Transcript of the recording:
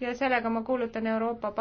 ja sellega ma kuulutan Euroopa